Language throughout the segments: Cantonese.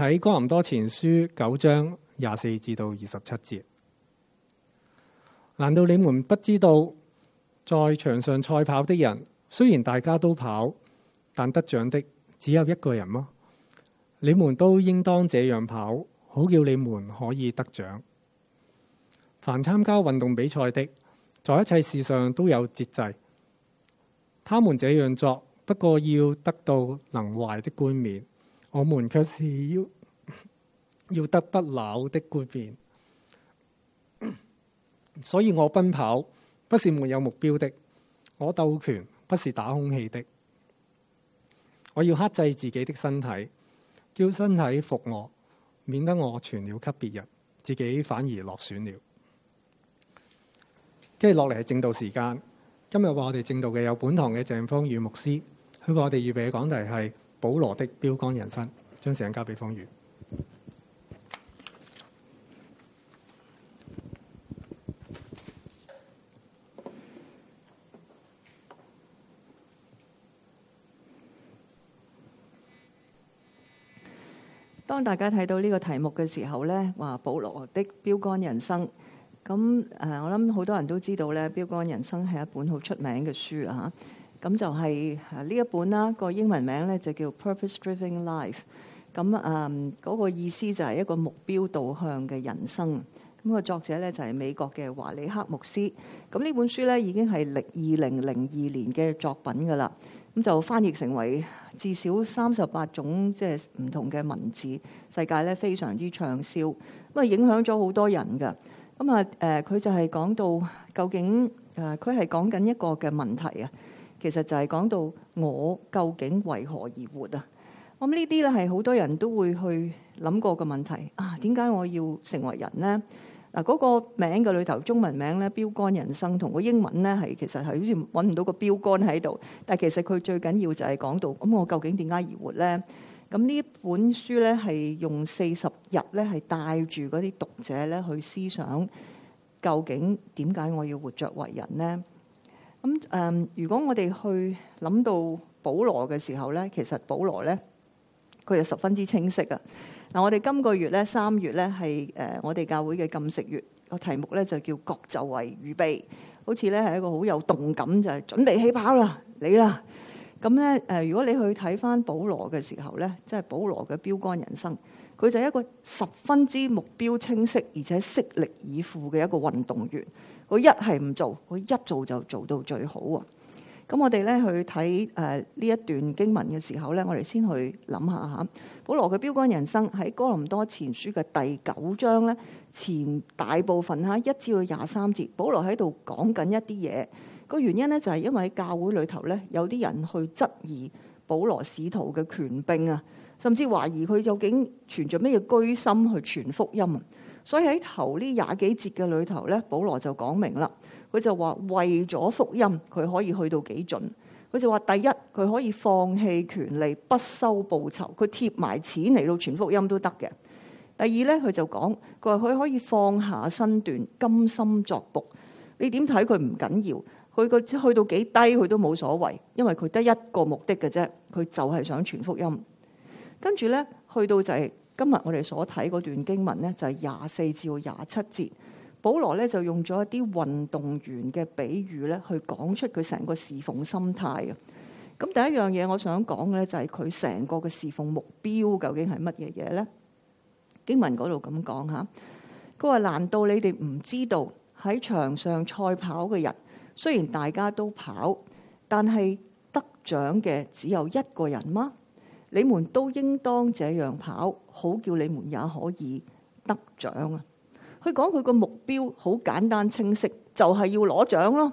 喺哥林多前書九章廿四至到二十七節，難道你們不知道在場上賽跑的人，雖然大家都跑，但得獎的只有一個人嗎？你們都應當這樣跑，好叫你們可以得獎。凡參加運動比賽的，在一切事上都有節制，他們這樣做，不過要得到能壞的冠冕。我們卻是要要得不朽的冠冕，所以我奔跑不是沒有目標的，我鬥拳不是打空氣的，我要克制自己的身體，叫身體服我，免得我傳了給別人，自己反而落選了。跟住落嚟係正道時間，今日話我哋正道嘅有本堂嘅鄭芳宇牧師，佢話我哋預備嘅講題係。保羅的標杆人生，將時間交俾方宇。當大家睇到呢個題目嘅時候咧，話保羅的標杆人生，咁誒，我諗好多人都知道咧，標杆人生係一本好出名嘅書啊。咁就係呢一本啦，個英文名咧就叫 Purpose-Driven Life。咁啊，嗰、嗯嗰個意思就係一個目標導向嘅人生。咁、個作者咧就係、是、美國嘅華里克牧師。咁呢本書咧已經係歷二零零二年嘅作品㗎啦。咁就翻譯成為至少三十八種即係唔同嘅文字，世界咧非常之暢銷咁啊，影響咗好多人㗎。咁啊，誒、呃、佢就係講到究竟誒佢係講緊一個嘅問題啊。其實就係講到我究竟為何而活啊？我咁呢啲咧係好多人都會去諗過嘅問題啊。點解我要成為人呢？嗱、那、嗰個名嘅裏頭中文名咧標竿人生，同個英文咧係其實係好似搵唔到個標竿喺度。但係其實佢最緊要就係講到咁、嗯，我究竟點解而活咧？咁、嗯、呢本書咧係用四十日咧係帶住嗰啲讀者咧去思想，究竟點解我要活著為人呢？咁誒、嗯，如果我哋去諗到保羅嘅時候咧，其實保羅咧，佢係十分之清晰啊！嗱、呃，我哋今個月咧三月咧係誒我哋教會嘅禁食月，個題目咧就叫各就位預備，好似咧係一個好有動感，就係、是、準備起跑了啦，你、嗯、啦！咁咧誒，如果你去睇翻保羅嘅時候咧，即係保羅嘅標竿人生，佢就係一個十分之目標清晰而且竭力以赴嘅一個運動員。佢一係唔做，佢一做就做到最好啊！咁我哋咧去睇誒呢一段經文嘅時候咧，我哋先去諗下嚇。保羅嘅標竿人生喺哥林多前書嘅第九章咧，前大部分嚇一至到廿三節，保羅喺度講緊一啲嘢。個原因咧就係因為喺教會裏頭咧有啲人去質疑保羅使徒嘅權柄啊，甚至懷疑佢究竟存着咩嘢居心去傳福音。所以喺頭呢廿幾節嘅裏頭咧，保羅就講明啦。佢就話為咗福音，佢可以去到幾盡。佢就話第一，佢可以放棄權利，不收報酬，佢貼埋錢嚟到傳福音都得嘅。第二咧，佢就講，佢話佢可以放下身段，甘心作僕。你點睇佢唔緊要，佢個去到幾低佢都冇所謂，因為佢得一個目的嘅啫，佢就係想傳福音。跟住咧，去到就係……今日我哋所睇嗰段經文咧，就係廿四至廿七節，保羅咧就用咗一啲運動員嘅比喻咧，去講出佢成個侍奉心態嘅。咁第一樣嘢我想講嘅咧，就係佢成個嘅侍奉目標究竟係乜嘢嘢咧？經文嗰度咁講吓，佢話難道你哋唔知道喺場上賽跑嘅人，雖然大家都跑，但係得獎嘅只有一個人嗎？你們都應當這樣跑，好叫你們也可以得獎啊！佢講佢個目標好簡單清晰，就係要攞獎咯。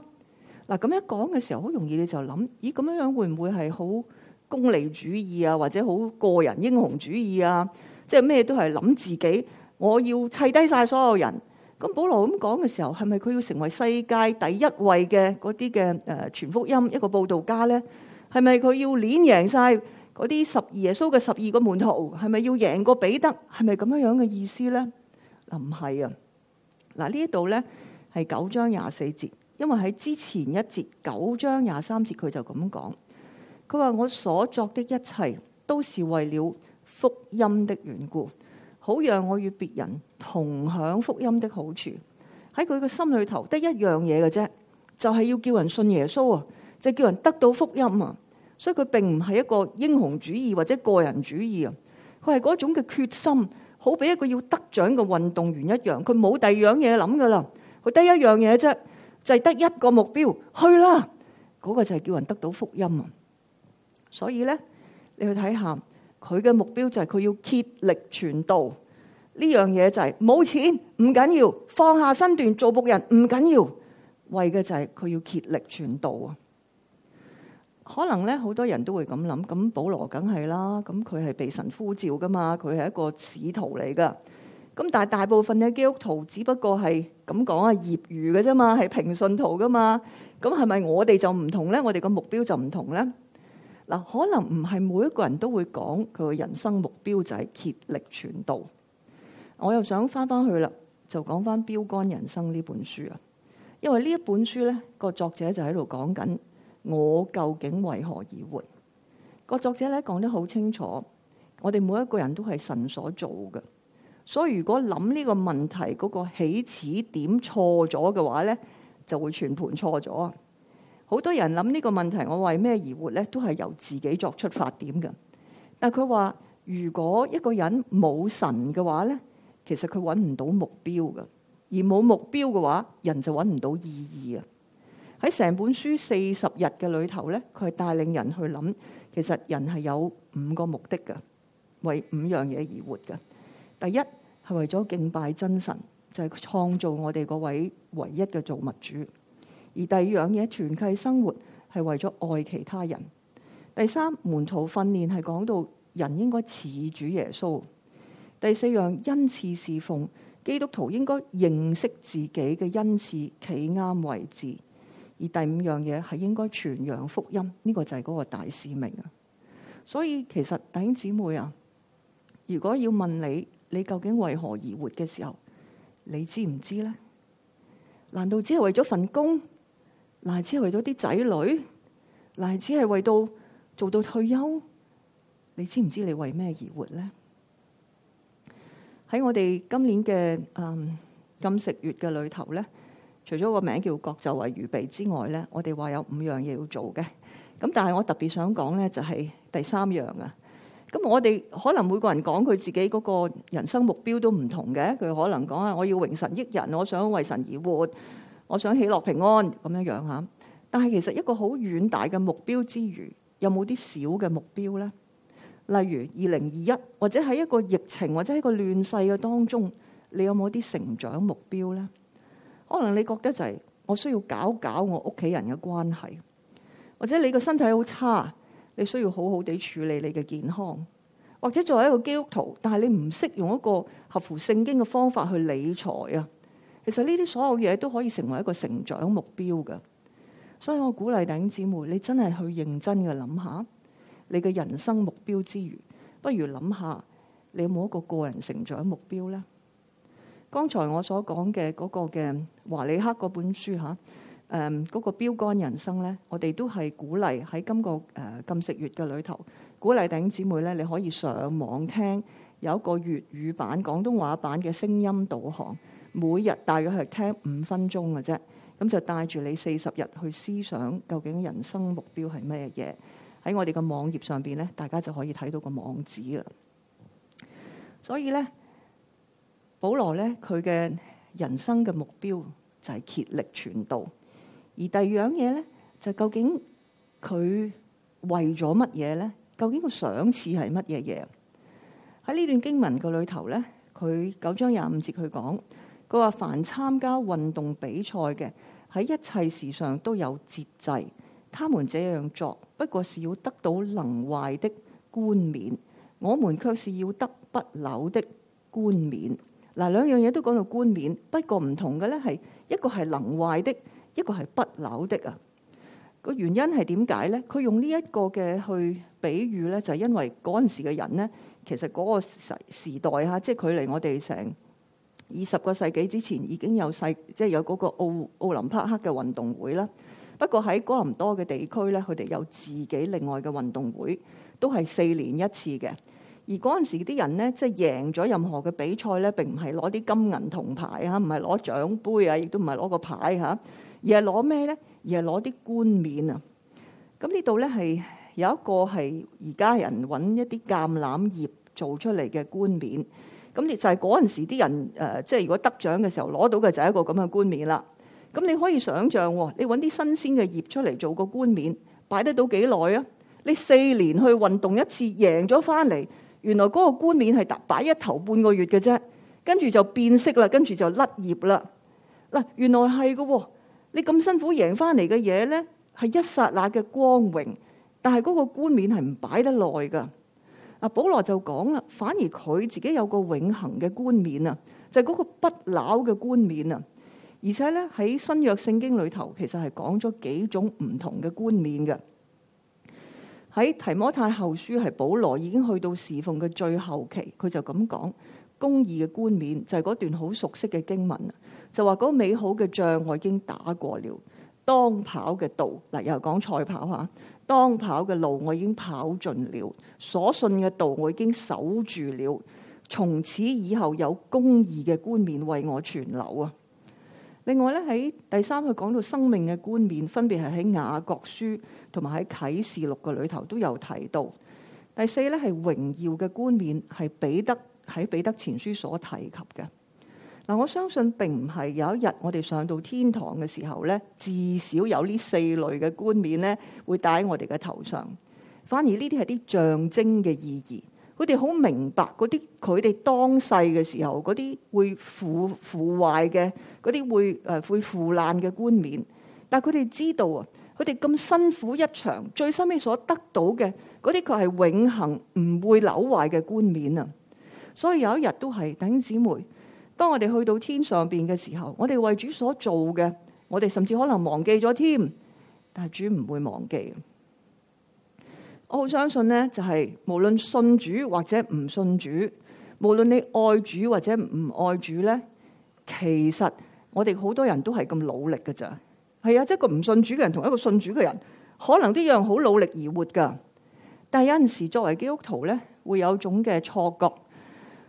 嗱，咁一講嘅時候，好容易你就諗：咦，咁樣樣會唔會係好功利主義啊？或者好個人英雄主義啊？即係咩都係諗自己，我要砌低晒所有人。咁保羅咁講嘅時候，係咪佢要成為世界第一位嘅嗰啲嘅誒傳福音一個報道家咧？係咪佢要連贏晒？嗰啲十二耶穌嘅十二個門徒係咪要贏過彼得？係咪噉樣樣嘅意思呢？唔係啊。嗱呢度呢係九章廿四節，因為喺之前一節九章廿三節佢就噉講。佢話，我所作的一切都是為了福音的緣故，好讓我與別人同享福音的好處。喺佢嘅心裏頭得一樣嘢嘅啫，就係要叫人信耶穌啊，就是、叫人得到福音啊。所以佢並唔係一個英雄主義或者個人主義啊，佢係嗰種嘅決心，好比一個要得獎嘅運動員一樣，佢冇第二樣嘢諗㗎喇，佢得一樣嘢啫，就係得一個目標，去啦，嗰個就係叫人得到福音。所以咧，你去睇下佢嘅目標就係佢要竭力傳道，呢樣嘢就係冇錢唔緊要，放下身段做僕人唔緊要，為嘅就係佢要竭力傳道啊。可能咧，好多人都會咁諗，咁保羅梗係啦，咁佢係被神呼召噶嘛，佢係一個使徒嚟噶。咁但係大部分嘅基督徒只不過係咁講啊，業餘嘅啫嘛，係平信徒噶嘛。咁係咪我哋就唔同咧？我哋個目標就唔同咧？嗱，可能唔係每一個人都會講佢嘅人生目標就係竭力傳道。我又想翻翻去啦，就講翻《標杆人生》呢本書啊，因為呢一本書咧，個作者就喺度講緊。我究竟為何而活？個作者咧講得好清楚，我哋每一個人都係神所做嘅，所以如果諗呢個問題嗰個起始點錯咗嘅話咧，就會全盤錯咗。好多人諗呢個問題，我為咩而活咧，都係由自己作出發點嘅。但佢話，如果一個人冇神嘅話咧，其實佢揾唔到目標嘅，而冇目標嘅話，人就揾唔到意義啊。喺成本書四十日嘅裏頭咧，佢係帶領人去諗。其實人係有五個目的㗎，為五樣嘢而活㗎。第一係為咗敬拜真神，就係、是、創造我哋嗰位唯一嘅造物主；而第二樣嘢，團契生活係為咗愛其他人。第三，門徒訓練係講到人應該似主耶穌。第四樣，恩賜侍奉，基督徒應該認識自己嘅恩賜，企啱位置。而第五樣嘢係應該傳揚福音，呢、這個就係嗰個大使命啊！所以其實弟兄姊妹啊，如果要問你，你究竟為何而活嘅時候，你知唔知咧？難道只係為咗份工？難道只係為咗啲仔女？難道只係為到做到退休？你知唔知你為咩而活咧？喺我哋今年嘅嗯禁食月嘅裏頭咧。除咗個名叫國就為預備之外咧，我哋話有五樣嘢要做嘅。咁但係我特別想講咧，就係、是，第三樣啊。咁我哋可能每個人講佢自己嗰個人生目標都唔同嘅。佢可能講啊，我要榮神益人，我想為神而活，我想喜樂平安咁樣樣嚇。但係其實一個好遠大嘅目標之餘，有冇啲小嘅目標咧？例如二零二一，或者喺一個疫情或者喺個亂世嘅當中，你有冇啲成長目標咧？可能你覺得就係我需要搞搞我屋企人嘅關係，或者你個身體好差，你需要好好地處理你嘅健康，或者作為一個基督徒，但係你唔識用一個合乎聖經嘅方法去理財啊。其實呢啲所有嘢都可以成為一個成長目標嘅。所以我鼓勵弟兄姊妹，你真係去認真嘅諗下，你嘅人生目標之餘，不如諗下你有冇一個個人成長目標咧。剛才我所講嘅嗰個嘅華理克嗰本書嚇，誒、嗯、嗰、嗰個標杆人生呢，我哋都係鼓勵喺今個誒、呃、禁食月嘅裏頭，鼓勵弟兄姊妹呢，你可以上網聽有一個粵語版、廣東話版嘅聲音導航，每日大約係聽五分鐘嘅啫，咁就帶住你四十日去思想究竟人生目標係咩嘢？喺我哋嘅網頁上面呢，大家就可以睇到個網址啦。所以呢。保羅咧，佢嘅人生嘅目標就係竭力傳道。而第二樣嘢咧，就究竟佢為咗乜嘢咧？究竟佢賞賜係乜嘢嘢？喺呢段經文個裏頭咧，佢九章廿五節佢講：佢話凡參加運動比賽嘅喺一切事上都有節制，他們這樣做不過是要得到能壞的冠冕；我們卻是要得不朽的冠冕。兩兩樣嘢都講到冠冕，不過唔同嘅呢，係一個係能壞的，一個係不朽的啊。個原因係點解呢？佢用呢一個嘅去比喻呢，就係、是、因為嗰陣時嘅人呢，其實嗰個時代即係距離我哋成二十個世紀之前已經有世，即係有嗰個奧奧林匹克嘅運動會啦。不過喺哥林多嘅地區呢，佢哋有自己另外嘅運動會，都係四年一次嘅。而嗰陣時啲人咧，即係贏咗任何嘅比賽咧，並唔係攞啲金銀銅牌啊，唔係攞獎杯啊，亦都唔係攞個牌嚇，而係攞咩咧？而係攞啲冠冕啊！咁呢度咧係有一個係而家人揾一啲橄欖葉做出嚟嘅冠冕。咁你就係嗰陣時啲人誒、呃，即係如果得獎嘅時候攞到嘅就係一個咁嘅冠冕啦。咁你可以想像喎、哦，你揾啲新鮮嘅葉出嚟做個冠冕，擺得到幾耐啊？你四年去運動一次，贏咗翻嚟。原來嗰個冠冕係搭擺一頭半個月嘅啫，跟住就變色啦，跟住就甩葉啦。嗱，原來係噶，你咁辛苦贏翻嚟嘅嘢咧，係一剎那嘅光榮，但係嗰個冠冕係唔擺得耐噶。阿保羅就講啦，反而佢自己有個永恆嘅冠冕啊，就係嗰個不朽嘅冠冕啊。而且咧，喺新約聖經裏頭，其實係講咗幾種唔同嘅冠冕嘅。喺提摩太後書係保羅已經去到侍奉嘅最後期，佢就咁講，公義嘅冠冕就是嗰段好熟悉嘅經文，就話嗰美好嘅仗，我已經打過了，當跑嘅道。嗱，又講賽跑，當跑嘅路我已經跑盡了，所信嘅道我已經守住了，從此以後有公義嘅冠冕為我存留啊。另外咧，喺第三佢講到生命嘅冠冕，分別係喺雅各書同埋喺啟示錄嘅裏頭都有提到。第四咧係榮耀嘅冠冕，係彼得喺彼得前書所提及嘅嗱。我相信並唔係有一日我哋上到天堂嘅時候咧，至少有呢四類嘅冠冕咧會戴喺我哋嘅頭上，反而呢啲係啲象徵嘅意義。佢哋好明白嗰啲佢哋當世嘅時候嗰啲會腐腐壞嘅，嗰啲會誒會腐爛嘅冠冕，但係佢哋知道啊，佢哋咁辛苦一場，最深屘所得到嘅嗰啲佢係永恆唔會朽壞嘅冠冕啊！所以有一日都係，弟兄姊妹，當我哋去到天上邊嘅時候，我哋為主所做嘅，我哋甚至可能忘記咗添，但係主唔會忘記。我好相信咧，就係無論信主或者唔信主，無論你愛主或者唔愛主咧，其實我哋好多人都係咁努力噶咋。係啊，即係一個唔信主嘅人同一個信主嘅人，可能都用好努力而活噶。但係有陣時作為基督徒咧，會有一種嘅錯覺，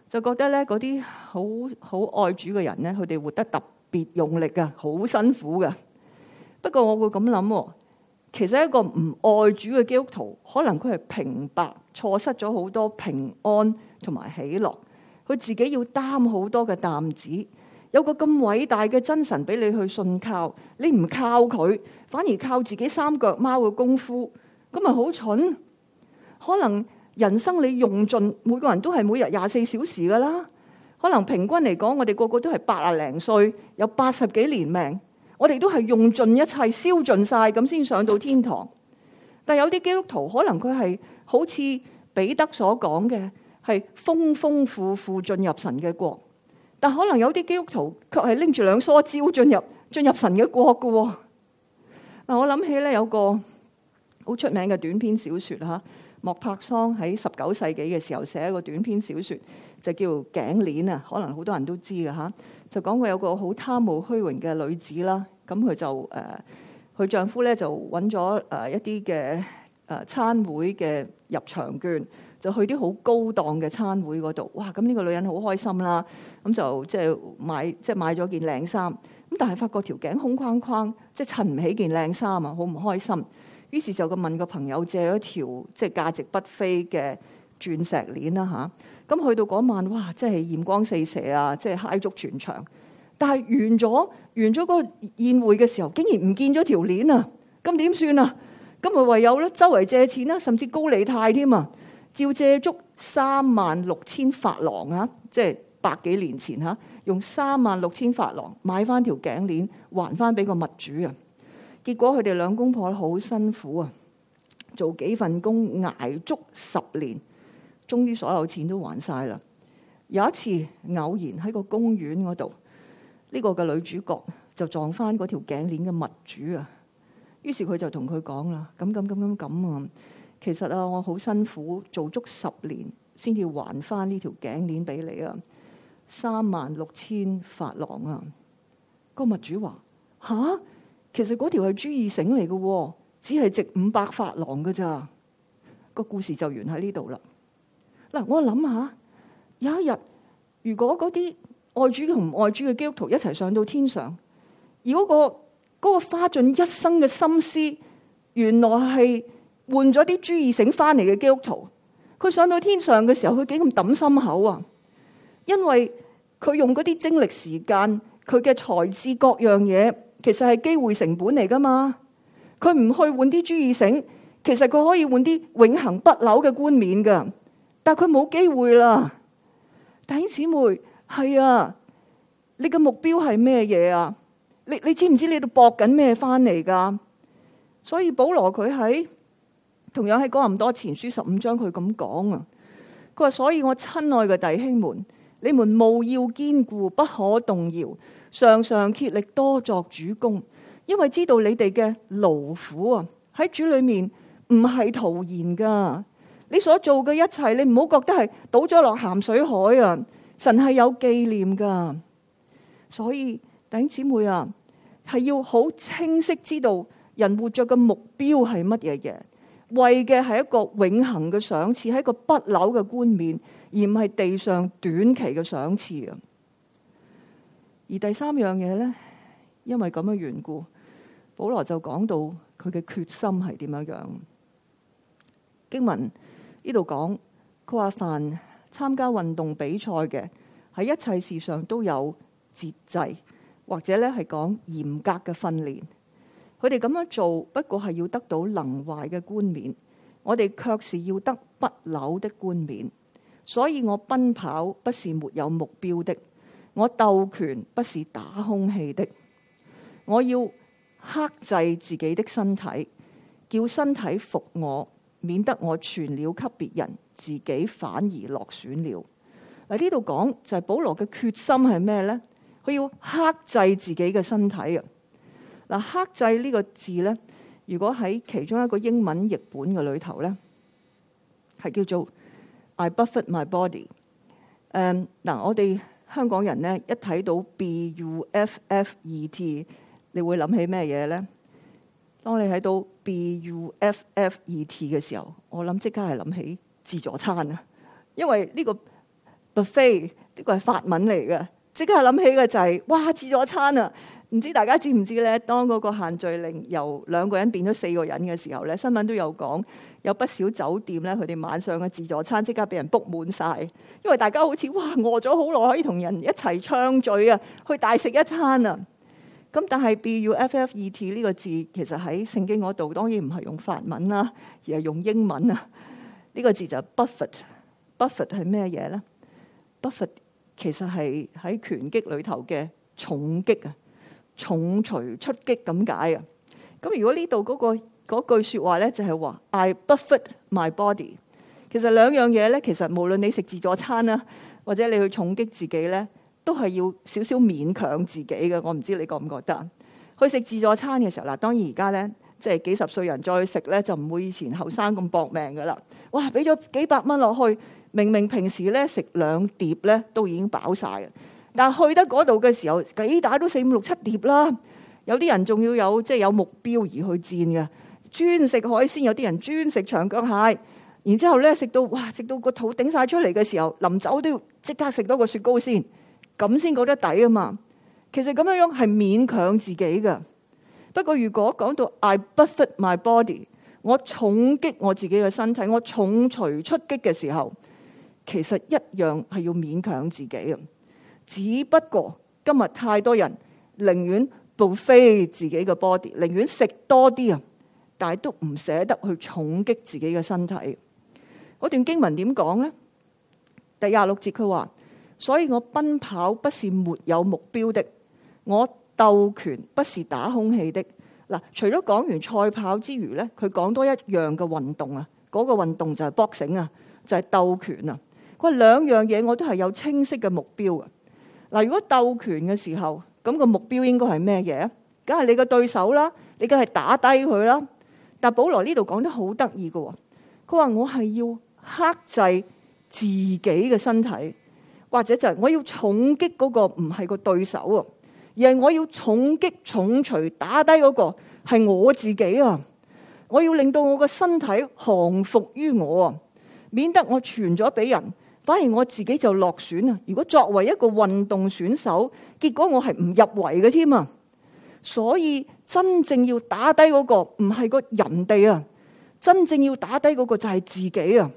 就覺得咧嗰啲好好愛主嘅人咧，佢哋活得特別用力噶，好辛苦噶。不過我會咁諗。其實一個唔愛主嘅基督徒，可能佢係平白錯失咗好多平安同埋喜樂，佢自己要擔好多嘅擔子。有個咁偉大嘅真神俾你去信靠，你唔靠佢，反而靠自己三腳貓嘅功夫，咁咪好蠢？可能人生你用盡，每個人都係每日廿四小時㗎啦。可能平均嚟講，我哋個個都係八啊零歲，有八十幾年命。我哋都係用盡一切、燒盡晒咁先上到天堂。但有啲基督徒可能佢係好似彼得所講嘅，係豐豐富富進入神嘅國。但可能有啲基督徒卻係拎住兩梳蕉進入進入神嘅國嘅。嗱、嗯，我諗起咧有個好出名嘅短篇小説嚇、啊，莫泊桑喺十九世紀嘅時候寫一個短篇小説，就叫《頸鏈》啊。可能好多人都知嘅嚇。啊就講過有個好貪慕虛榮嘅女子啦，咁佢就誒，佢、呃、丈夫咧就揾咗誒一啲嘅誒餐會嘅入場券，就去啲好高檔嘅餐會嗰度，哇！咁呢個女人好開心啦，咁就即係買即係、就是、買咗件靚衫，咁但係發覺條頸空框框，即、就、係、是、襯唔起件靚衫啊，好唔開心。於是就佢問個朋友借咗條即係、就是、價值不菲嘅鑽石鏈啦嚇。啊咁去到嗰晚，哇！真係豔光四射啊，即係嗨足全場。但係完咗，完咗嗰個宴會嘅時候，竟然唔見咗條鏈啊！咁點算啊？咁咪唯有咧，周圍借錢啦、啊，甚至高利貸添啊！照借足三萬六千法郎啊！即係百幾年前嚇、啊，用三萬六千法郎買翻條頸鏈，還翻俾個物主啊！結果佢哋兩公婆好辛苦啊，做幾份工捱足十年。終於所有錢都還晒啦。有一次偶然喺個公園嗰度，呢個嘅女主角就撞翻嗰條頸鏈嘅物主啊。於是佢就同佢講啦：咁咁咁咁咁啊。其實啊，我好辛苦做足十年先至還翻呢條頸鏈俾你啊，三萬六千法郎啊。個物主話吓？其實嗰條係朱義盛嚟嘅，只係值五百法郎㗎咋。個故事就完喺呢度啦。嗱，我諗下有一日，如果嗰啲愛主同唔愛主嘅基督徒一齊上到天上，而嗰個，嗰個花盡一生嘅心思，原來係換咗啲朱義盛翻嚟嘅基督徒。佢上到天上嘅時候，佢幾咁抌心口啊？因為佢用嗰啲精力、時間、佢嘅才智，各樣嘢，其實係機會成本嚟噶嘛。佢唔去換啲朱義盛，其實佢可以換啲永恆不朽嘅冠冕噶。但佢冇機會啦，弟兄姊妹，係啊，你嘅目標係咩嘢啊？你你知唔知你度搏緊咩翻嚟噶？所以保羅佢喺同樣喺哥林多前書十五章佢咁講啊，佢話，所以我親愛嘅弟兄們，你們務要堅固，不可動搖，常常竭力多作主工，因為知道你哋嘅勞苦啊喺主裏面唔係徒然噶。你所做嘅一切，你唔好覺得係倒咗落鹹水海啊！神係有紀念噶，所以弟兄姊妹啊，係要好清晰知道人活着嘅目標係乜嘢嘢，為嘅係一個永恆嘅賞賜，係一個不朽嘅冠冕，而唔係地上短期嘅賞賜啊！而第三樣嘢咧，因為咁嘅緣故，保羅就講到佢嘅決心係點樣樣。經文。呢度講佢話凡參加運動比賽嘅，喺一切事上都有節制，或者咧係講嚴格嘅訓練。佢哋咁樣做不過係要得到能壞嘅冠冕，我哋卻是要得不朽嘅冠冕。所以我奔跑不是沒有目標的，我鬥拳不是打空氣的。我要克制自己的身體，叫身體服我。免得我傳了給別人，自己反而落選了。嗱，呢度講就係、是、保羅嘅決心係咩咧？佢要克制自己嘅身體啊！嗱，克制呢個字咧，如果喺其中一個英文譯本嘅裏頭咧，係叫做 I buffet my body。嗱、嗯，我哋香港人咧一睇到 B U F F E T，你會諗起咩嘢咧？當你睇到 buffet 嘅時候，我諗即刻係諗起自助餐啊！因為呢個 buffet 呢個係法文嚟嘅，即刻係諗起嘅就係哇自助餐啊！唔知大家知唔知咧？當嗰個限聚令由兩個人變咗四個人嘅時候咧，新聞都有講，有不少酒店咧，佢哋晚上嘅自助餐即刻俾人 book 滿晒，因為大家好似哇餓咗好耐，可以同人一齊暢聚啊，去大食一餐啊！咁但係 B U F F E T 呢個字其實喺聖經嗰度當然唔係用法文啦，而係用英文啊。呢個字就係 buffet，buffet 係咩嘢咧？buffet 其實係喺拳擊裏頭嘅重擊啊，重錘出擊咁解啊。咁如果呢度嗰句説話咧，就係話 I buffet my body。其實兩樣嘢咧，其實無論你食自助餐啊，或者你去重擊自己咧。都係要少少勉強自己嘅，我唔知你覺唔覺得？去食自助餐嘅時候，嗱，當然而家呢，即係幾十歲人再食呢，就唔會以前後生咁搏命噶啦。哇，俾咗幾百蚊落去，明明平時呢食兩碟呢都已經飽曬，但去得嗰度嘅時候，幾大都四五六七碟啦。有啲人仲要有即係有目標而去戰嘅，專食海鮮，有啲人專食長腳蟹，然之後呢，食到哇，食到個肚頂晒出嚟嘅時候，臨走都要即刻食多個雪糕先。咁先覺得抵啊嘛！其實咁樣樣係勉強自己噶。不過如果講到 I buffet my body，我重擊我自己嘅身體，我重錘出擊嘅時候，其實一樣係要勉強自己啊。只不過今日太多人寧願 buffet 自己嘅 body，寧願食多啲啊，但係都唔捨得去重擊自己嘅身體。嗰段經文點講咧？第廿六節佢話。所以我奔跑不是沒有目標的，我鬥拳不是打空氣的。嗱，除咗講完賽跑之餘咧，佢講多一樣嘅運動啊，嗰個運動就係 boxing 啊，就係鬥拳啊。佢話兩樣嘢我都係有清晰嘅目標啊。嗱，如果鬥拳嘅時候，咁個目標應該係咩嘢？梗係你嘅對手啦，你梗係打低佢啦。但係保羅呢度講得好得意㗎喎，佢話我係要克制自己嘅身體。或者就係我要重擊嗰個唔係個對手啊，而係我要重擊重捶打低嗰個係我自己啊！我要令到我個身體降服於我啊，免得我傳咗俾人，反而我自己就落選啊！如果作為一個運動選手，結果我係唔入圍嘅添啊！所以真正要打低嗰個唔係個人哋啊，真正要打低嗰個就係自己啊！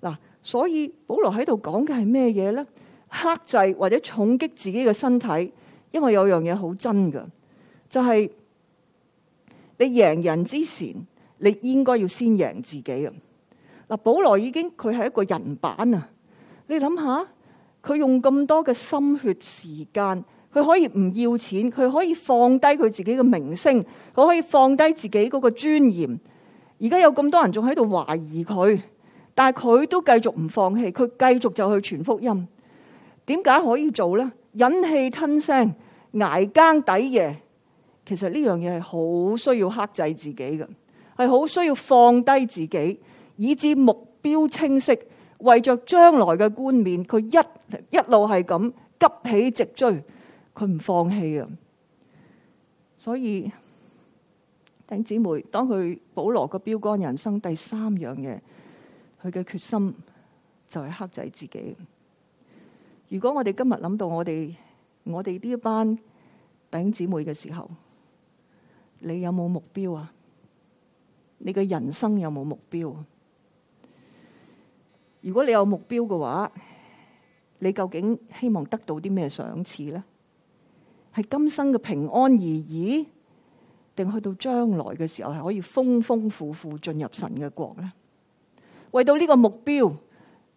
嗱。所以保羅喺度講嘅係咩嘢呢？克制或者重擊自己嘅身體，因為有樣嘢好真噶，就係你贏人之前，你應該要先贏自己啊！嗱，保羅已經佢係一個人板啊！你諗下，佢用咁多嘅心血時間，佢可以唔要錢，佢可以放低佢自己嘅名聲，佢可以放低自己嗰個尊嚴。而家有咁多人仲喺度懷疑佢。但係佢都繼續唔放棄，佢繼續就去傳福音。點解可以做呢？忍氣吞聲、挨更抵夜，其實呢樣嘢係好需要克制自己嘅，係好需要放低自己，以致目標清晰。為着將來嘅冠冕，佢一一路係咁急起直追，佢唔放棄啊！所以，頂姊妹，當佢保羅嘅標杆人生第三樣嘢。佢嘅決心就係克制自己。如果我哋今日諗到我哋我哋呢一班弟兄姊妹嘅時候，你有冇目標啊？你嘅人生有冇目標？如果你有目標嘅話，你究竟希望得到啲咩賞賜呢？係今生嘅平安而已，定去到將來嘅時候係可以豐豐富富進入神嘅國呢？為到呢個目標，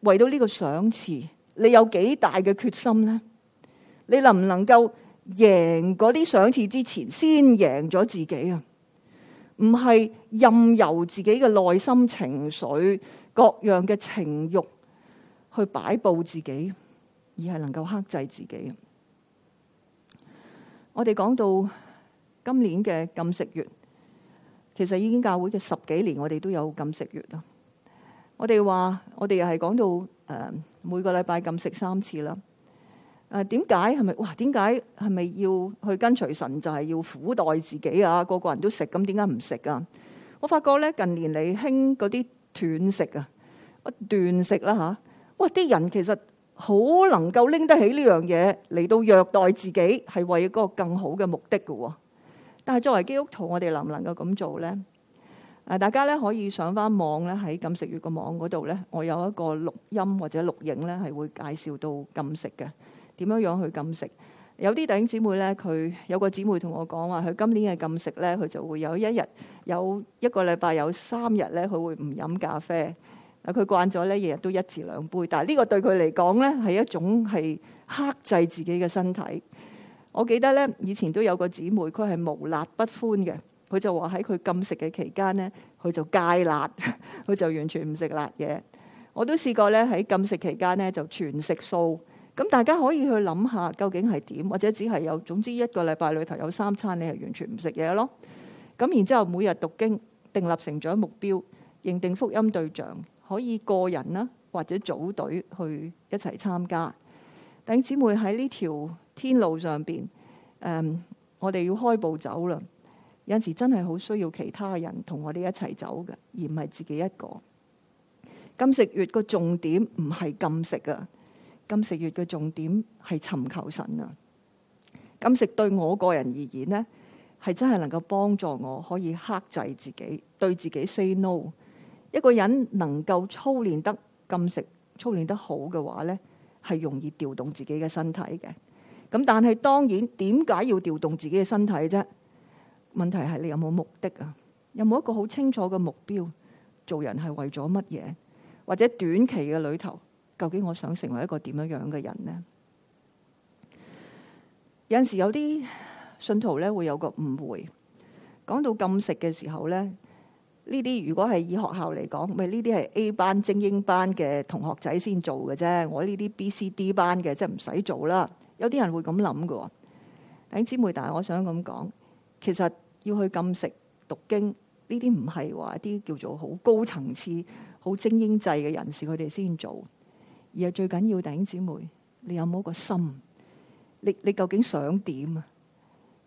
為到呢個賞賜，你有幾大嘅決心呢？你能唔能夠贏嗰啲賞賜之前，先贏咗自己啊？唔係任由自己嘅內心情緒、各樣嘅情慾去擺布自己，而係能夠克制自己啊。我哋講到今年嘅禁食月，其實已經教會嘅十幾年，我哋都有禁食月啦。我哋話我哋係講到誒、呃，每個禮拜禁食三次啦。誒、呃，點解係咪？哇，點解係咪要去跟隨神就係、是、要苦待自己啊？個個人都食，咁點解唔食啊？我發覺咧，近年嚟，興嗰啲斷食啊，不斷食啦、啊、吓、啊。哇，啲人其實好能夠拎得起呢樣嘢嚟，到虐待自己，係為一個更好嘅目的嘅、啊。但係作為基督徒，我哋能唔能夠咁做咧？啊！大家咧可以上翻網咧，喺禁食月個網嗰度咧，我有一個錄音或者錄影咧，係會介紹到禁食嘅，點樣樣去禁食。有啲弟兄姊妹咧，佢有個姊妹同我講話，佢今年嘅禁食咧，佢就會有一日有一個禮拜有三日咧，佢會唔飲咖啡。啊，佢慣咗咧，日日都一至兩杯，但係呢個對佢嚟講咧，係一種係克制自己嘅身體。我記得咧，以前都有個姊妹，佢係無辣不歡嘅。佢就話喺佢禁食嘅期間呢，佢就戒辣，佢就完全唔食辣嘢。我都試過咧，喺禁食期間呢，就全食素。咁大家可以去諗下究竟係點，或者只係有，總之一個禮拜裏頭有三餐你係完全唔食嘢咯。咁然之後每日讀經，訂立成長目標，認定福音對象，可以個人啦或者組隊去一齊參加。弟兄姊妹喺呢條天路上邊，誒、嗯，我哋要開步走啦。有時真係好需要其他人同我哋一齊走嘅，而唔係自己一個。禁食月個重點唔係禁食啊，禁食月嘅重點係尋求神啊。禁食對我個人而言咧，係真係能夠幫助我可以克制自己，對自己 say no。一個人能夠操練得禁食、操練得好嘅話咧，係容易調動自己嘅身體嘅。咁但係當然，點解要調動自己嘅身體啫？問題係你有冇目的啊？有冇一個好清楚嘅目標？做人係為咗乜嘢？或者短期嘅裏頭，究竟我想成為一個點樣樣嘅人呢？有陣時候有啲信徒咧會有個誤會，講到禁食嘅時候咧，呢啲如果係以學校嚟講，咪呢啲係 A 班精英班嘅同學仔先做嘅啫，我呢啲 B、C、D 班嘅即係唔使做啦。有啲人會咁諗嘅喎，弟兄姊妹，但係我想咁講，其實。要去禁食讀經，呢啲唔係話一啲叫做好高層次、好精英制嘅人士，佢哋先做。而係最緊要，弟兄姊妹，你有冇個心？你你究竟想點啊？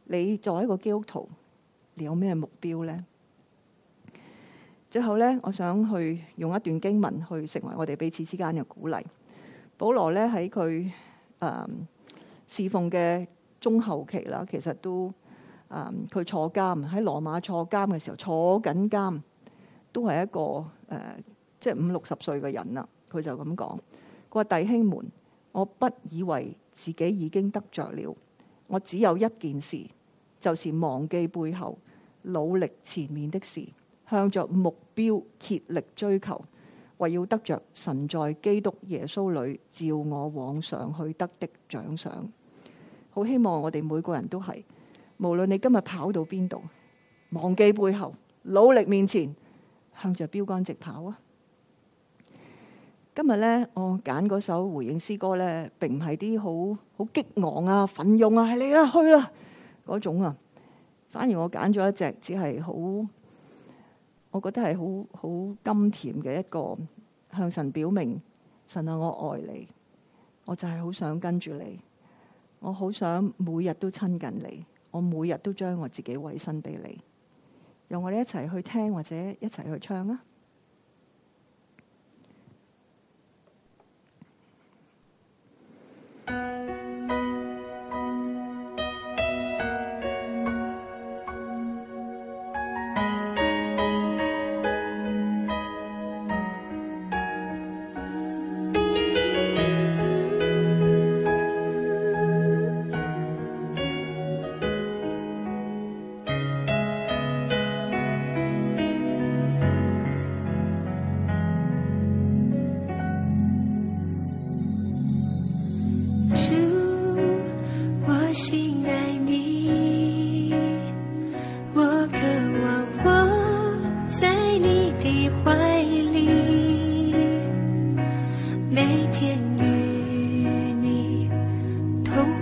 你作為一個基督徒，你有咩目標咧？最後咧，我想去用一段經文去成為我哋彼此之間嘅鼓勵。保羅咧喺佢誒侍奉嘅中後期啦，其實都。啊！佢、嗯、坐監喺羅馬坐監嘅時候，坐緊監都係一個誒、呃，即係五六十歲嘅人啦。佢就咁講，佢話：弟兄們，我不以為自己已經得着了，我只有一件事，就是忘記背後，努力前面的事，向着目標竭力追求，為要得着神在基督耶穌裏召我往上去得的獎賞。好希望我哋每個人都係。無論你今日跑到邊度，忘記背後，努力面前，向着標杆直跑啊！今日咧，我揀嗰首回應詩歌咧，並唔係啲好好激昂啊、奮勇啊、嚟啦去啦嗰種啊，反而我揀咗一隻，只係好，我覺得係好好甘甜嘅一個向神表明，神啊，我愛你，我就係好想跟住你，我好想每日都親近你。我每日都將我自己衞生畀你，讓我哋一齊去聽或者一齊去唱啊！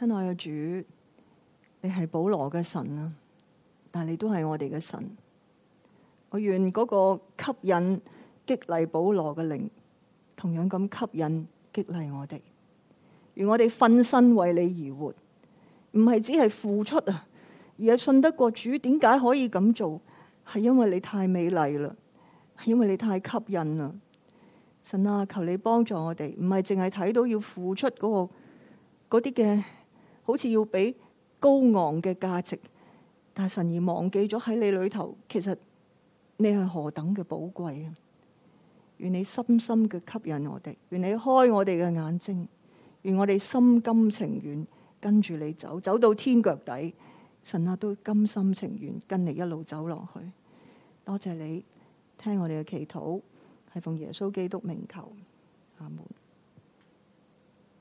親愛嘅主，你係保羅嘅神啊，但係你都係我哋嘅神。我願嗰個吸引、激勵保羅嘅靈，同樣咁吸引、激勵我哋。願我哋奮身為你而活，唔係只係付出啊，而係信得過主。點解可以咁做？係因為你太美麗啦，係因為你太吸引啦。神啊，求你幫助我哋，唔係淨係睇到要付出嗰個嗰啲嘅。好似要俾高昂嘅價值，但神而忘記咗喺你裏頭，其實你係何等嘅寶貴啊！願你深深嘅吸引我哋，願你開我哋嘅眼睛，願我哋心甘情願跟住你走，走到天腳底，神啊都甘心情願跟你一路走落去。多謝你聽我哋嘅祈禱，係奉耶穌基督名求，阿門。